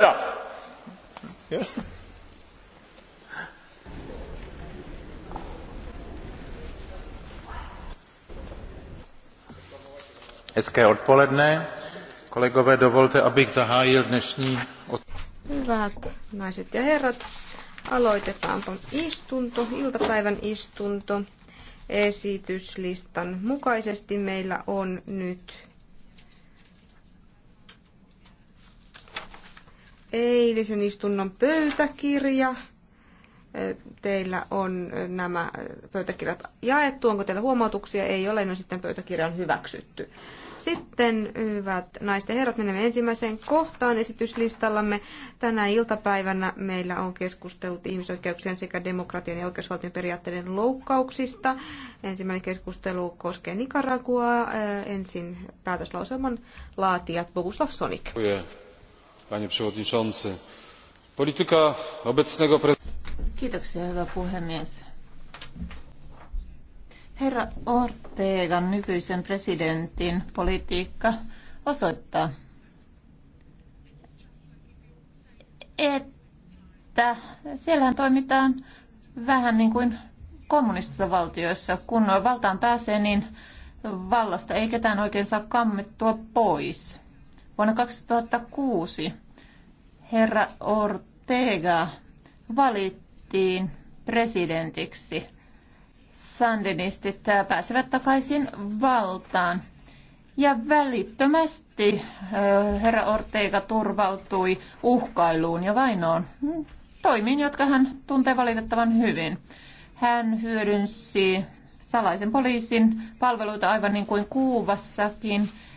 Ja. ja. Hezké odpoledne. Kolegové, dovolte, abych zahájil dnešní... Hyvät naiset ja herrat, aloitetaanpa istunto, iltapäivän istunto. Esityslistan mukaisesti meillä on nyt eilisen istunnon pöytäkirja. Teillä on nämä pöytäkirjat jaettu. Onko teillä huomautuksia? Ei ole, no sitten pöytäkirja on hyväksytty. Sitten, hyvät naisten ja herrat, menemme ensimmäiseen kohtaan esityslistallamme. Tänä iltapäivänä meillä on keskustelut ihmisoikeuksien sekä demokratian ja oikeusvaltion periaatteiden loukkauksista. Ensimmäinen keskustelu koskee Nicaraguaa. Ensin päätöslauselman laatijat Boguslav Sonik. Yeah panie przewodniczący! polityka obecnego prezydenta herra ortegan nykyisen presidentin politiikka osoittaa että siellähän toimitaan vähän niin kuin kommunistisissa valtioissa. Kun valtaan pääsee, niin vallasta ei ketään oikein saa kammettua pois. Vuonna 2006 herra Ortega valittiin presidentiksi. Sandinistit pääsevät takaisin valtaan. Ja välittömästi herra Ortega turvautui uhkailuun ja vainoon toimiin, jotka hän tuntee valitettavan hyvin. Hän hyödynsi salaisen poliisin palveluita aivan niin kuin Kuuvassakin